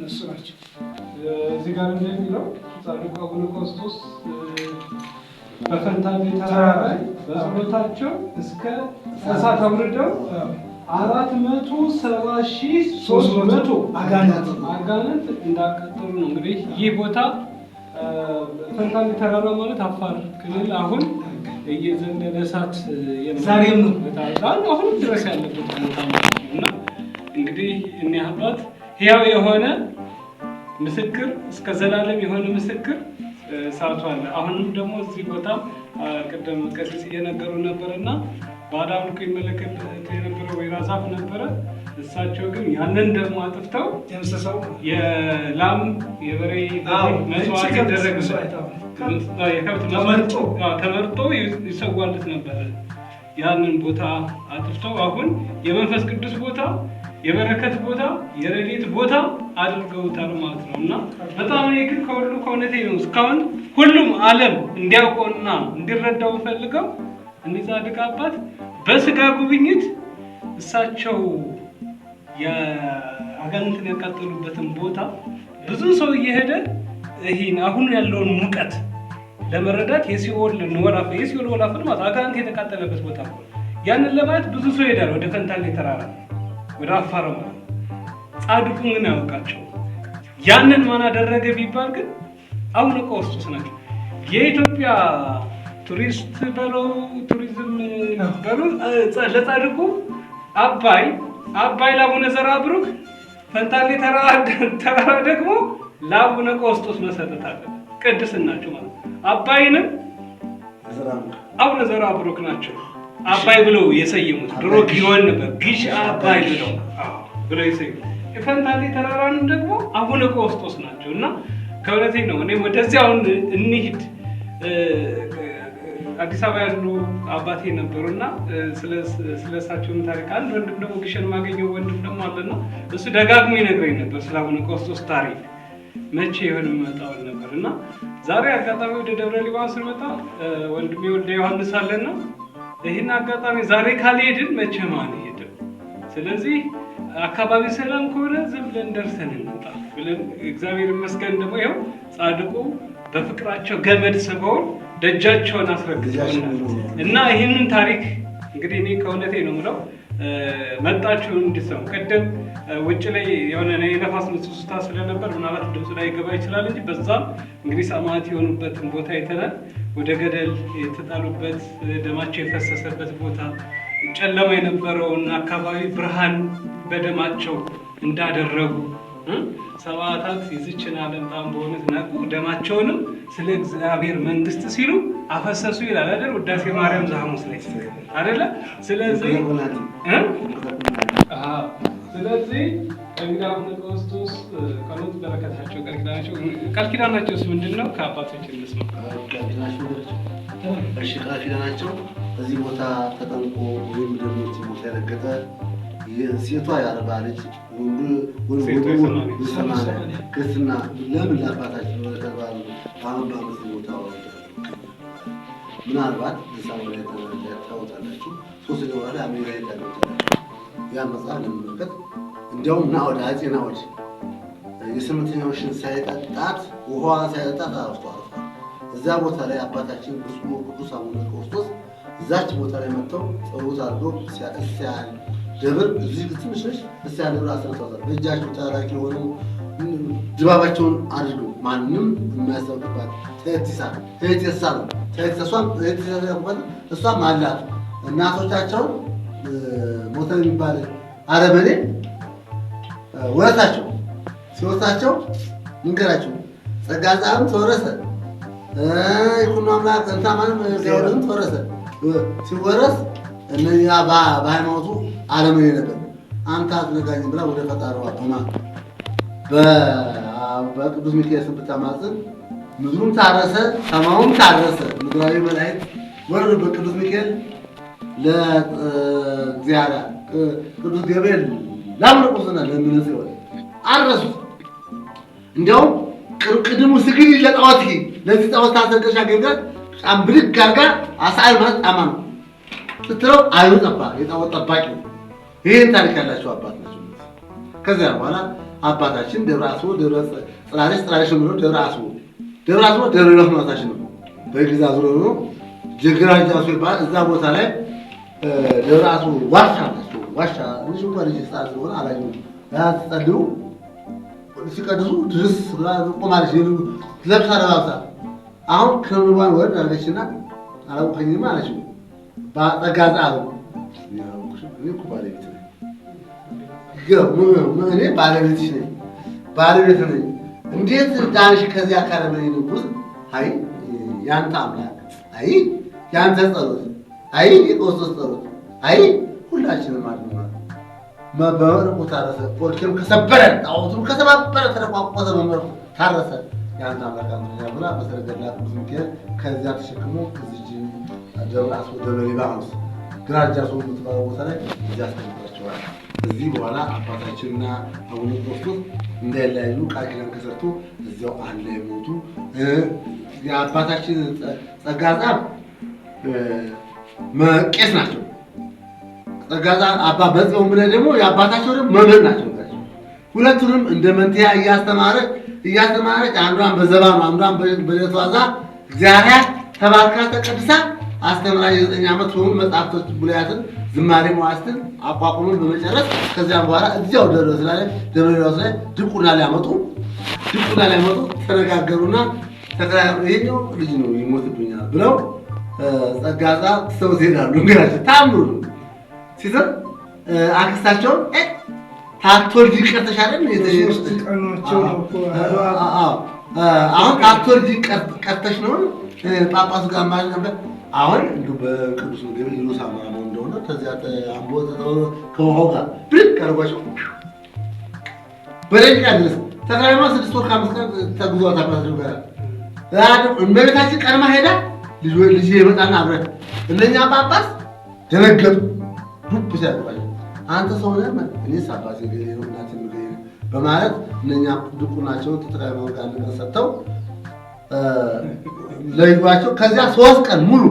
እነሱ ናቸው። እዚህ ጋር እንደሚለው ጻድቁ አቡነ ቆስጦስ በፈንታሌ ተራራ ላይ በጸሎታቸው እስከ እሳት አውርደው አራት መቶ ሰባ ሺህ ሶስት መቶ አጋንንት አጋንንት እንዳቃጠሉ ነው። እንግዲህ ይህ ቦታ ፈንታሌ ተራራ ማለት አፋር ክልል አሁን እየዘለለ እሳት ዛሬም ነው አሁንም ድረስ ያለበት ቦታ እና እንግዲህ እኒህ ሕያው የሆነ ምስክር እስከ ዘላለም የሆነ ምስክር እሳቱ አለ። አሁንም ደግሞ እዚህ ቦታ ቅድም ቀሲስ እየነገሩ ነበር እና በአዳም ልኮ ይመለከት የነበረ ወይራ ዛፍ ነበረ። እሳቸው ግን ያንን ደግሞ አጥፍተው ደምስሰው የላም የበሬ መስዋዕት ተመርጦ ይሰዋለት ነበረ። ያንን ቦታ አጥፍተው አሁን የመንፈስ ቅዱስ ቦታ የበረከት ቦታ የረዴት ቦታ አድርገውታል ማለት ነው። እና በጣም እኔ ግን ከሁሉ ከእውነቴ ነው እስካሁን ሁሉም ዓለም እንዲያውቀውና እንዲረዳው ፈልገው እኒህ ጻድቅ አባት በስጋ ጉብኝት እሳቸው የአጋንንትን ያቃጠሉበትን ቦታ ብዙ ሰው እየሄደ ይህን አሁን ያለውን ሙቀት ለመረዳት የሲኦል ወላፈ የሲኦል ወላፈን ማለት አጋንንት የተቃጠለበት ቦታ ያንን ለማየት ብዙ ሰው ይሄዳል ወደ ፈንታሌ ተራራ ወደ አፋር ጻድቁ ምን ያውቃቸው ያንን ማን አደረገ ቢባል ግን አቡነ ቀውስጦስ ናቸው። የኢትዮጵያ ቱሪስት በለው ቱሪዝም በሉ ለጻድቁ አባይ አባይ ለአቡነ ዘርዓ ብሩክ፣ ፈንታሌ ተራራ ደግሞ ለአቡነ ቀውስጦስ መሰረታለ አለ ቅድስናቸው ማለት አባይንም አቡነ ዘርዓ ብሩክ ናቸው። አባይ ብለው የሰየሙት ድሮ ጊዮን ነበር ግሽ አባይ ብለው ብለው የሰየሙት የፈንታሌ ተራራን ደግሞ አቡነ ቀውስጦስ ናቸው። እና ከእውነቴ ነው እኔ ወደዚያ አሁን እንሂድ አዲስ አበባ ያሉ አባቴ ነበሩና እና ታሪክ አንድ ወንድም ደግሞ ግሸን ማገኘው ወንድም ደግሞ አለና እሱ ደጋግሞ ይነግረኝ ነበር ስለ አቡነ ቀውስጦስ ታሪክ መቼ የሆነ መጣውን ነበር እና ዛሬ አጋጣሚ ወደ ደብረ ሊባኖስ ስንመጣ ወንድሜ ወልደ ዮሐንስ አለና ይህን አጋጣሚ ዛሬ ካልሄድን ማን አንሄድም። ስለዚህ አካባቢ ሰላም ከሆነ ዝም ብለን ደርሰን እንምጣ ብለን እግዚአብሔር ይመስገን ደግሞ ይኸው ጻድቁ በፍቅራቸው ገመድ ስበውን ደጃቸውን አስረግዘው እና ይህንን ታሪክ እንግዲህ እኔ ከእውነቴ ነው የምለው መጣችሁ እንድትሰሙ። ቅድም ውጭ ላይ የሆነ የነፋስ ምስስታ ስለነበር ምናልባት ድምፁ ላይ ይገባ ይችላል እንጂ በዛም እንግዲህ ሰማዕት የሆኑበትን ቦታ አይተናል። ወደ ገደል የተጣሉበት ደማቸው የፈሰሰበት ቦታ ጨለማ የነበረውን አካባቢ ብርሃን በደማቸው እንዳደረጉ ሰማዕታት የዚችን ዓለም ጣም በሆነት ነቁ፣ ደማቸውንም ስለ እግዚአብሔር መንግስት ሲሉ አፈሰሱ ይላል አይደል? ውዳሴ ማርያም ዘሐሙስ ላይ አይደለ? ስለዚህ ስለዚህ ክርስቶስ ቀሎት በረከታቸው ቀልኪዳናቸው ቀልኪዳናቸውስ ምንድን ነው? ከአባቶች እንስማ እሺ ቃል ኪዳናቸው እዚህ ቦታ ተጠንቆ ወይም ደግሞ ቦታ የረገጠ የሴቷ የአርባ ልጅ ወንዱ ሰማንያ ክርስትና ለምን ለአባታችን ለተባሉ በአሁን ቦታ ምናልባት ታወጣላችሁ። ሶስተኛ ወራ አሜሪካ ያ መጽሐፍ ለመመልከት እንዲያውም ና አጼ ና የስምንተኛዎችን ሳይጠጣት ውሃዋ ሳይጠጣት አረፍቶ እዛ ቦታ ላይ አባታችን ብፁዕ ቅዱስ አቡነ ቀውስጦስ እዛች ቦታ ላይ መጥተው ጸሎት አድርጎ ሲያቅስ ያህል ደብር እዚህ ብትንሽሽ ነች። እስያ ደብር አስነሳሳል። በእጃቸው ታጣቂ የሆኑ ድባባቸውን አድርገው ማንም የሚያስታውቅባት ተቲሳ ተቲሳ ነው። እሷ አላት እናቶቻቸው ሞተ የሚባል አረመኔ ወረሳቸው። ሲወርሳቸው ንገራቸው ጸጋ ጻም ተወረሰ ይኩኖ አምላክ እንታ ማንም ተወረሰ። ሲወረስ እነዚያ በሃይማኖቱ አለምን ነበር አንተ አትነካኝ ብላ ወደ ፈጣሪዋ ሆና በቅዱስ ሚካኤል ብታማጽን ምድሩም ታረሰ፣ ሰማዩም ታረሰ። ምድራዊ መላእክት ወረዱ በቅዱስ ሚካኤል ለእግዚአብሔር ቅዱስ ገብርኤል ላምርቁስና ለምንጽ ይወል አረሱ። እንዲያውም ቅድሙ ስግድ ለጣዖት ለዚህ ጣዖት ታሰገሻ ገብጋር ጫም ብድግ አርጋ አሳል ማለት ጣማ ነው ስትለው አይኑ ጠባ የጣዖት ጠባቂ ነው ይህን ታሪክ ያላቸው አባት ናቸው። ከዚያ በኋላ አባታችን ደብረ አስቦ ጥራሬስ ጥራሬስ ብሎ ደብረ አስቦ ደብረ አስቦ ደብረ ነው በግዛ ዙሮ ነው ጀግራ ጃሱ ይባል እዛ ቦታ ላይ ደብረ አስቦ ዋሻ ናቸው። ዋሻ ልጅ ልጅ ሰዓት ስለሆነ አላየ ያጸልዩ ሲቀድሱ ድርስ ቆማለች ለብሳ ለባብሳ አሁን ክብርባን ወርድ አለችና አላውቀኝም አለችው በጠጋዛ አሉ ኩባ እኔ ባለቤትሽ ነኝ፣ ባለቤት ነኝ። እንዴት ዳንሽ ከዚያ ካለመኔ ንጉሥ? አይ ያንተ አምላክ፣ አይ ያንተ ጸሎት፣ አይ የቆስጦስ ጸሎት፣ አይ ሁላችንም አድነና በመርቁ ታረሰ። ፖለቲካም ከሰበረ ጣዖቱም ከሰባበረ ተደቋቆሰ በመርቁ ታረሰ። የአንድ አምላክ አምረኛ ብላ በሰረገላ ሚካኤል ከዚያ ተሸክሞ ከዚች ደብረ አስወደ በሌባ ግራጃ ሰው የምትባለው ቦታ ላይ እዚያ አስቀምጧቸዋል። ከዚህ በኋላ አባታችንና አቡነ ቆስጦስ እንዳይለያዩ ቃል ኪዳን ተሰርቶ እዚያው አንድ ሞቱ። የአባታችን ጸጋ ጻር ናቸው። ጸጋ አባ በጽዮን ብለህ ደግሞ የአባታቸው ደግሞ መምህር ናቸው። ሁለቱንም እንደ መንትያ እያስተማረ እያስተማረ አንዷን በዘባኑ አንዷን በደቷ እግዚአብሔር ተባርካ ተቀድሳ አስተምራ የዘጠኝ ዓመት ሆኑ መጽሐፍቶች ብሉያትን ዝማሬ መዋስትን አቋቁመን በመጨረስ ከዚያም በኋላ እዚያው ደረስ ላይ ደብረዳስ ላይ ድቁና ሊያመጡ ድቁና ሊያመጡ ተነጋገሩና ተከራሩ ይሄኛው ልጅ ነው ይሞትብኛ ብለው ጸጋጻ ሰው ይሄዳሉ። እንግራቸው ታምሩ ሲሰጥ አክስታቸውን ታቶልጅ ቀርተሻል አሁን ታቶልጅ ቀርተሽ ነው ጳጳሱ ጋር ማለት ነበር። አሁን እንዲሁ በቅዱስ ገብርኤል ሉሳ ከዚያ አምቦ ከውሃው ጋር ብድግ አድርጓቸው በደቂቃ ድረስ ተክለ ስድስት ወር ከአምስት ቀን ተጉዟት እመቤታችን ቀድማ ሄዳ ልጅ የመጣና አብረ እነኛ ጳጳስ ደነገጡ። ዱብ ሲያደርጓቸው አንተ ሰው ነህ እኔስ አባቴ ናችን በማለት እነኛ ድቁናቸውን ተክለ ጋር ሰጥተው ለይሏቸው። ከዚያ ሶስት ቀን ሙሉ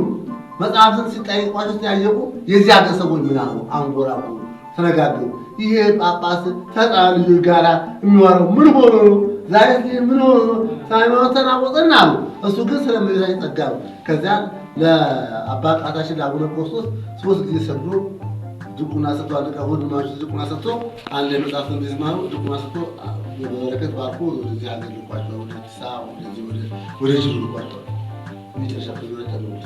መጽሐፍን ሲጠይቋቸው ሲያየቁ የዚህ አገር ሰዎች ምን አሉ? አንጎራጉሩ፣ ተነጋገሩ። ይሄ ጳጳስ ተጣሉ ልጆች የሚዋረው ምን ሆኖ ነው? ዛሬ ምን ሆኖ ነው? ሃይማኖት ተናወጠና አሉ። እሱ ግን ስለ ምድራዊ ጸጋ ነው። ከዚያ ለአባ ቃታችን ለአቡነ ቆስጦስ ሶስት ጊዜ ሰግዶ ድቁና ሰጥቶ አለቀ። ወንድማች ድቁና ሰጥቶ አንድ መጽሐፍ እንዲዝማሩ ድቁና ሰጥቶ በበረከት ባርኮ ወደዚህ ሀገር ልኳቸው ወደ አዲስ ወደ ጅሩ ልኳቸው መጨረሻ ብዙ ተመሉት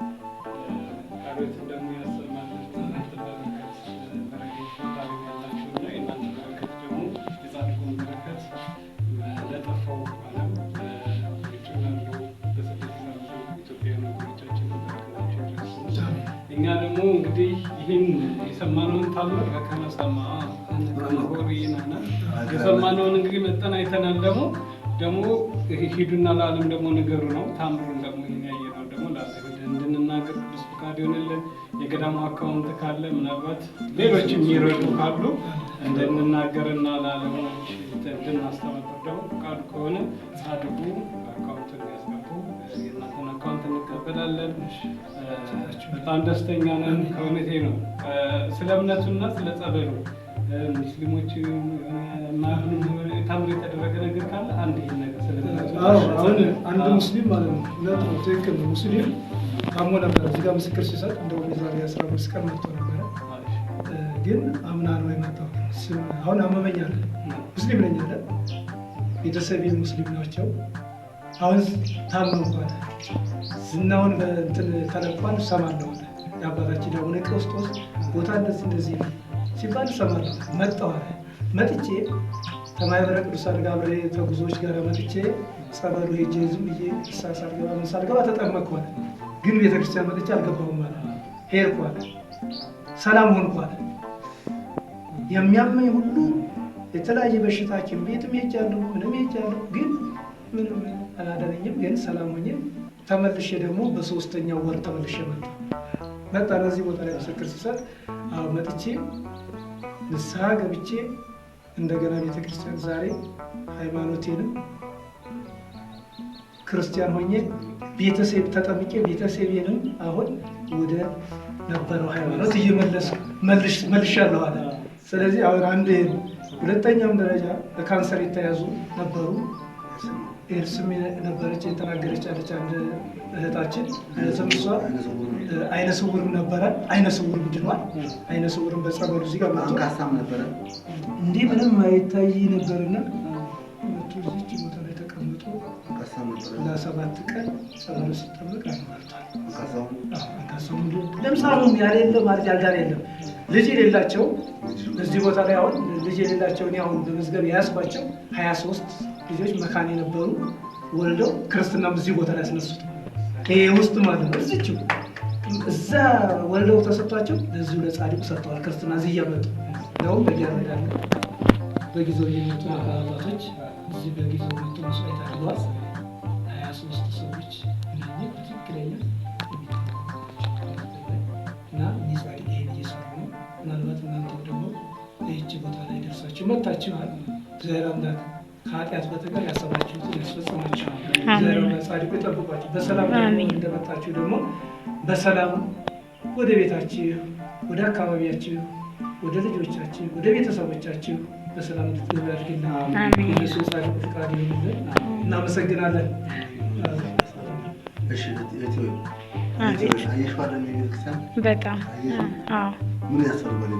እኛ ደግሞ እንግዲህ ይህን የሰማነውን ታምር ከመሰማ ሪናና የሰማነውን እንግዲህ መጠን አይተናል። ደግሞ ደግሞ ሂዱና ለዓለም ደግሞ ነገሩ ነው ታምሩን ደግሞ ይህን ደግሞ ለአዘግ እንድንናገር ቅዱስ ፍቃድ ይሆንልን። የገዳሙ አካውንት ካለ ምናልባት ሌሎች የሚረዱ ካሉ እንድንናገርና ለዓለሞች እንድናስተባበር ደግሞ ፍቃዱ ከሆነ ጻድቁ እንቀበላለን። በጣም ደስተኛ ነን። ከእውነቴ ነው። ስለ እምነቱና ስለ ጸበሉ ሙስሊሞች ታምር የተደረገ ነገር ካለ አንድ ይህን ነገር ስለ አንድ ሙስሊም ማለት ነው። እውነት ነው። ትክክል ነው። ሙስሊም ታሞ ምስክር ሲሰጥ እንደውም የዛሬ አስራ አምስት ቀን መጥቶ ነበረ። ግን አምና ነው የመጣው። አሁን ሙስሊም ቤተሰቤ ሙስሊም ናቸው። አሁን ታምኖበታል። ዝናውን በእንትን ተለቋል እሰማለሁ። የአባታችን አቡነ ቀውስጦስ ቦታ እንደዚህ እንደዚህ ነው ሲባል እሰማለሁ። መጣዋል መጥቼ ከማህበረ ቅዱሳን ጋር አብሬ ተጉዞች ጋር መጥቼ ጸበሉ ሄጄ ዝም ብዬ እሳ ሳልገባ ምን ሳልገባ ተጠመቅኳል። ግን ቤተክርስቲያን መጥቼ አልገባሁም ማለት ሄድኳል። ሰላም ሆንኳል። የሚያመኝ ሁሉ የተለያየ በሽታ ሐኪም ቤትም ሄጃለሁ ምንም ሄጃለሁ ግን ምንም አላደረኝም፣ ግን ሰላም ሆኜ ተመልሼ ደግሞ በሶስተኛው ወር ተመልሼ መጣ መጣ እዚህ ቦታ ላይ ምስክር ሲሰጥ መጥቼ ንስሐ ገብቼ እንደገና ቤተክርስቲያን ዛሬ ሃይማኖቴንም ክርስቲያን ሆኜ ቤተሰብ ተጠምቄ ቤተሰቤንም አሁን ወደ ነበረው ሃይማኖት እየመለስ መልሻለሁ አለ። ስለዚህ አሁን አንድ ሁለተኛም ደረጃ በካንሰር የተያዙ ነበሩ። ኤልስም ነበረች የተናገረች ያለች አንድ እህታችን። እሷ አይነ ስውርም ነበረ። አይነ ስውር ብድኗል። አይነ ስውርም በጸበሉ እዚህ ጋር አንካሳም ነበረ። እንዲህ ምንም አይታይ ነበርና መቶ ልጆች ቦታ ላይ ተቀምጦ ለሰባት ቀን ጸበሉ ስጠብቅ አልማርቷል። አንካሳው ለምሳሌ ያሌለ ማለት ያልዳር የለም ልጅ የሌላቸው እዚህ ቦታ ላይ አሁን ልጅ የሌላቸውን አሁን በመዝገብ የያዝኳቸው ሀያ ሶስት ልጆች መካን የነበሩ ወልደው ክርስትና እዚህ ቦታ ላይ ያስነሱት ይህ ውስጥ ማለት ነው። እዚችው እዛ ወልደው ተሰጥቷቸው ለዚሁ ለጻድቁ ሰጥተዋል። ክርስትና እዚህ እያመጡ ነው። በጊያረዳለ በጊዜው የሚመጡ አባቶች እዚህ በጊዜው መጡ መስዋዕት አድርገዋል። ሀያ ሶስት ሰዎች ትክክለኛ እና እየሰሩ ነው። ምናልባት እናንተ ደግሞ ይህች ቦታ ላይ ደርሳችሁ እግዚአብሔር አምላክ ከኃጢአት በተቀር ያሰባችሁትን ያስፈጽማችኋል። ዘሬው ጻድቁ ይጠብቋችሁ። በሰላም እንደመጣችሁ ደግሞ በሰላም ወደ ቤታችሁ፣ ወደ አካባቢያችሁ፣ ወደ ልጆቻችሁ፣ ወደ ቤተሰቦቻችሁ በሰላም እንድትገቡ ያድርግና ጻድቁ ፍቃድ ይሆንልን። እናመሰግናለን። በጣም ምን ያስፈልጋል?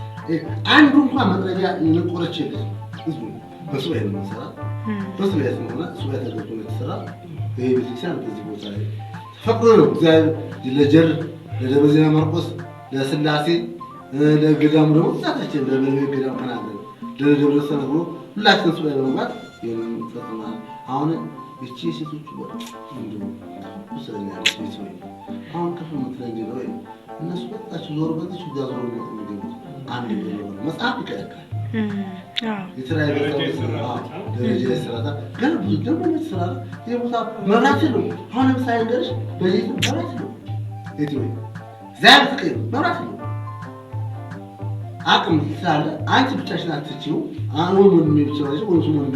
አንዱ እንኳን መጥረቢያ ንቆረች የለች። ህዝቡ በሱባኤ ነው የሚሰራ በሱባኤ ስለሆነ ሱባኤ ተገብቶ ነው የተሰራ። ይሄ ቤተክርስቲያን በዚህ ቦታ ላይ ተፈቅዶ ነው እግዚአብሔር ለጀር ለደብረ ዜና ማርቆስ ለስላሴ ለገዳሙ ደግሞ ዛታችን ለገዳሙ ከናለ ለደብረ ሰነ ብሎ ሁላችን ሱባኤ በመግባት ይፈጽማል። አሁን እቺ ሴቶች ስለሚያስ አሁን ከፍ ምትለ እነሱ በጣቸው ዞር በጣቸው ዛዞር ምግብ አንድ የሚለውን መጽሐፍ ይከለክላል። የስራ ደረጃ ስራታ ግን ብዙ ደግሞ ስራ ቦታ መብራት ነው። አሁን ለምሳሌ እንደርሽ በሌት መብራት ነው። ት ዛያር ፍቅር መብራት ነው። አቅም ስላለ አንቺ ብቻሽን አትችይው። ወንድ ወንድሜ ወንድ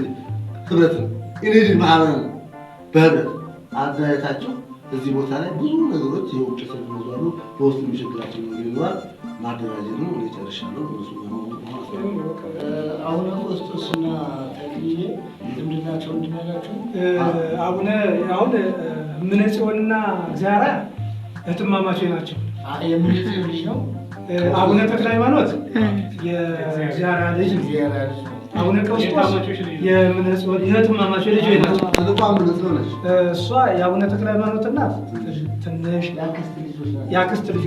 ህብረት ነው ኢኔድ ማህበር ነው በህብረት አዘጋጅታችሁ እዚህ ቦታ ላይ ብዙ ነገሮች የውጭ ሰዎች አሉ። በውስጥ የሚሸግራቸው ነገር ይኖራል። ማደራጀት ነው። እኔ ጨርሻለሁ። ነው ቆስጦስና ተክልዬ ዝምድናቸው እንድናላቸው አቡነ አሁን ምነጽዮንና ዛራ እህትማማቾች ናቸው። የምነጽዮን ልጅ ነው አቡነ ተክለ ሃይማኖት የዛራ ልጅ ነው። አቡነ ቀውስጦስ የእህትማማች ልጅ ናቸው። እሷ የአቡነ ተክለ ሃይማኖት እናት ትንሽ የአክስት ልጅ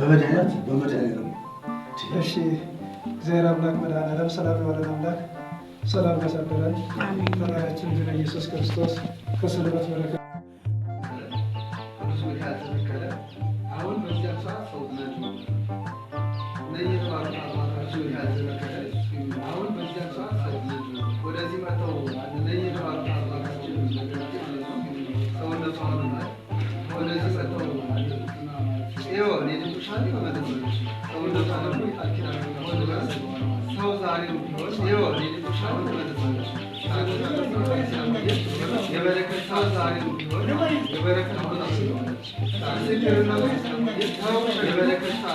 በመድኃኒት በመድኃኒት ነው እግዚአብሔር አምላክ መድኃኒዓለም ሰላም የሆነን አምላክ ሰላም ያሳድረን። ፈጣሪያችን ኢየሱስ ክርስቶስ ከስልበት በረከት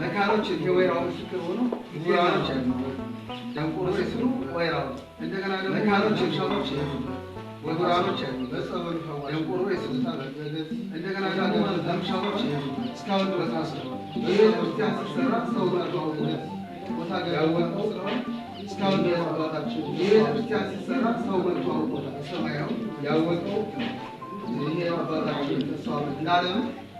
መካሮች የወይራዎች ከሆኑ ወይራዎች ደንቆሮ ሲስሉ ወይራዎች፣ እንደገና ደግሞ መካሮች ሻዎች ወይራዎች አሉ። ደንቆሮ እንደገና ደግሞ ሻዎች እስካሁን ድረስ አስሩ ቤተክርስቲያን ሲሰራ ሰው ባልባውት ቦታ ጋወቀ እስካሁን ድረስ አባታቸው የቤተክርስቲያን ሲሰራ ሰው ባልባውት ቦታ ሰማያው ያወቀው ይሄ አባታቸው ተስፋ እንዳለም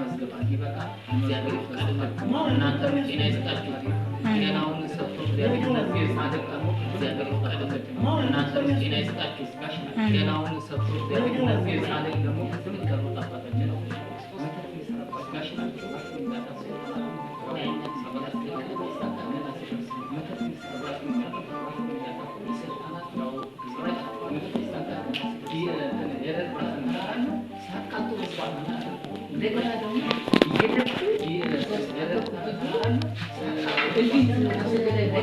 መዝግባት እናንተ ጤና ይስጣችሁ። ጤናውን ሰጥቶ እግዚአብሔር ይፈቅድላችሁ፣ እናንተ ጤና ይስጣችሁ። እንደገና